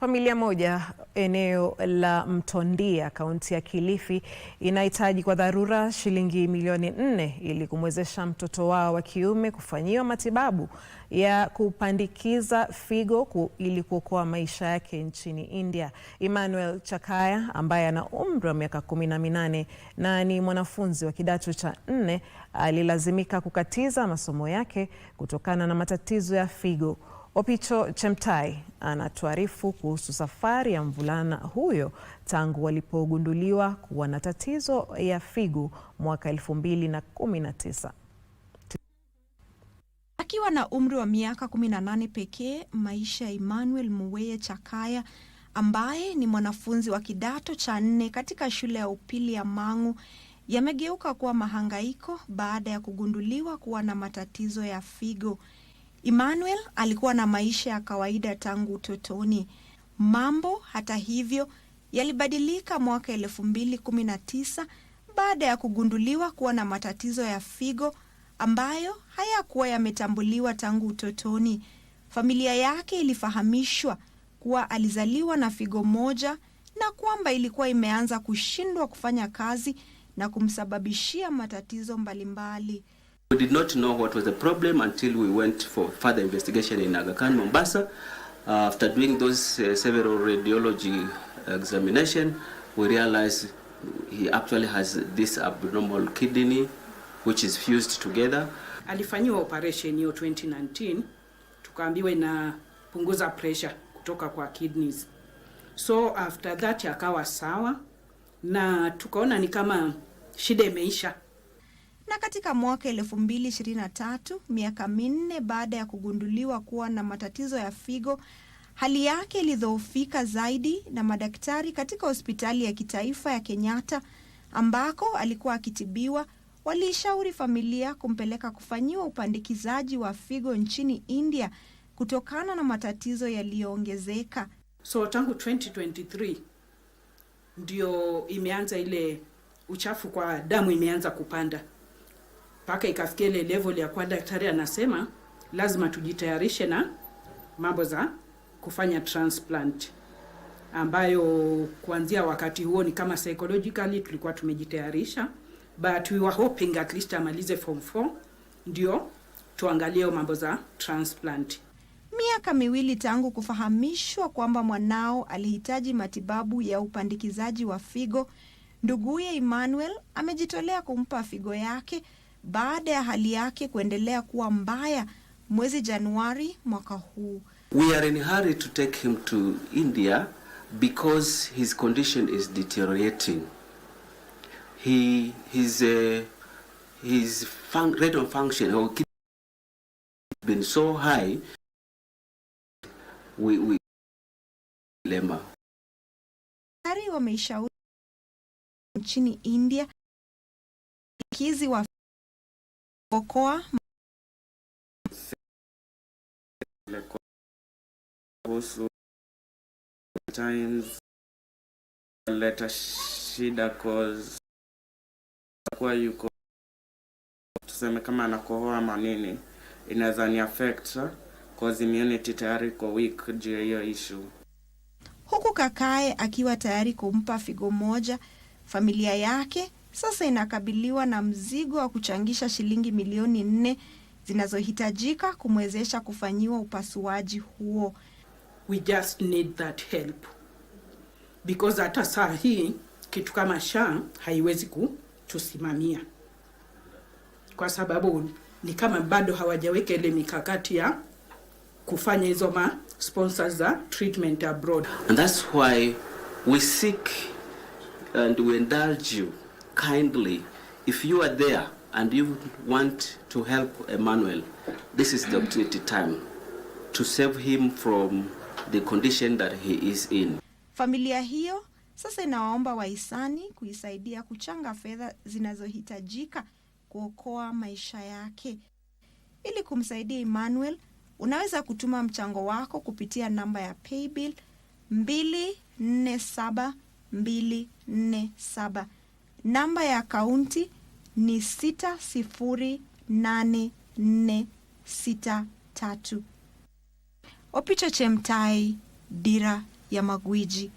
Familia moja eneo la Mtondia kaunti ya Kilifi inahitaji kwa dharura shilingi milioni nne ili kumwezesha mtoto wao wa kiume kufanyiwa matibabu ya kupandikiza figo ili kuokoa maisha yake nchini India. Emmanuel Chakaya ambaye ana umri wa miaka kumi na minane na ni mwanafunzi wa kidato cha nne alilazimika kukatiza masomo yake kutokana na matatizo ya figo. Opicho Chemtai anatuarifu kuhusu safari ya mvulana huyo tangu walipogunduliwa kuwa na tatizo ya figo mwaka 2019. Akiwa na umri wa miaka 18 pekee, maisha ya Emmanuel Muweye Chakaya ambaye ni mwanafunzi wa kidato cha nne katika shule ya upili ya Mang'u yamegeuka kuwa mahangaiko baada ya kugunduliwa kuwa na matatizo ya figo. Emmanuel alikuwa na maisha ya kawaida tangu utotoni. Mambo hata hivyo yalibadilika mwaka elfu mbili kumi na tisa baada ya kugunduliwa kuwa na matatizo ya figo ambayo hayakuwa yametambuliwa tangu utotoni. Familia yake ilifahamishwa kuwa alizaliwa na figo moja na kwamba ilikuwa imeanza kushindwa kufanya kazi na kumsababishia matatizo mbalimbali. We did not know what was the problem until we went for further investigation in Aga Khan, Mombasa. Uh, after doing those uh, several radiology examination, we realized he actually has this abnormal kidney which is fused together. Alifanyiwa operation hiyo 2019, tukaambiwa inapunguza pressure kutoka kwa kidneys. So after that akawa sawa na tukaona ni kama shida imeisha. Na katika mwaka 2023, miaka minne baada ya kugunduliwa kuwa na matatizo ya figo, hali yake ilidhoofika zaidi na madaktari katika hospitali ya kitaifa ya Kenyatta ambako alikuwa akitibiwa waliishauri familia kumpeleka kufanyiwa upandikizaji wa figo nchini India kutokana na matatizo yaliyoongezeka. So tangu 2023 ndio imeanza ile uchafu kwa damu imeanza kupanda mpaka ikafikia ile level ya kwa daktari anasema lazima tujitayarishe na mambo za kufanya transplant, ambayo kuanzia wakati huo ni kama psychologically tulikuwa tumejitayarisha, but we were hoping at least amalize form 4 ndio tuangalie mambo za transplant. Miaka miwili tangu kufahamishwa kwamba mwanao alihitaji matibabu ya upandikizaji wa figo, nduguye Emmanuel amejitolea kumpa figo yake baada ya hali yake kuendelea kuwa mbaya mwezi Januari mwaka huu. We are in hurry to take him to India because his condition is deteriorating. He, his, uh, his fun rate of function or been so high. We, we lema tari wameishauri nchini India kizi wa okoa kuhusu times leta shida cause kwa yuko tuseme kama anakohoa manini, inaweza ni affect cause immunity tayari kwa week juu ya hiyo issue, huku kakae akiwa tayari kumpa figo moja familia yake sasa inakabiliwa na mzigo wa kuchangisha shilingi milioni nne zinazohitajika kumwezesha kufanyiwa upasuaji huo. We just need that help because hata saa hii kitu kama SHA haiwezi kutusimamia kwa sababu ni kama bado hawajaweka ile mikakati ya kufanya hizo ma sponsors za treatment abroad and that's why we seek and we indulge you kindly if you are there and you want to help Emmanuel this is the opportunity time to save him from the condition that he is in. Familia hiyo sasa inawaomba wahisani kuisaidia kuchanga fedha zinazohitajika kuokoa maisha yake. Ili kumsaidia Emmanuel, unaweza kutuma mchango wako kupitia namba ya paybill 247247. Namba ya kaunti ni tatu. Opicha Chemtai, Dira ya Magwiji.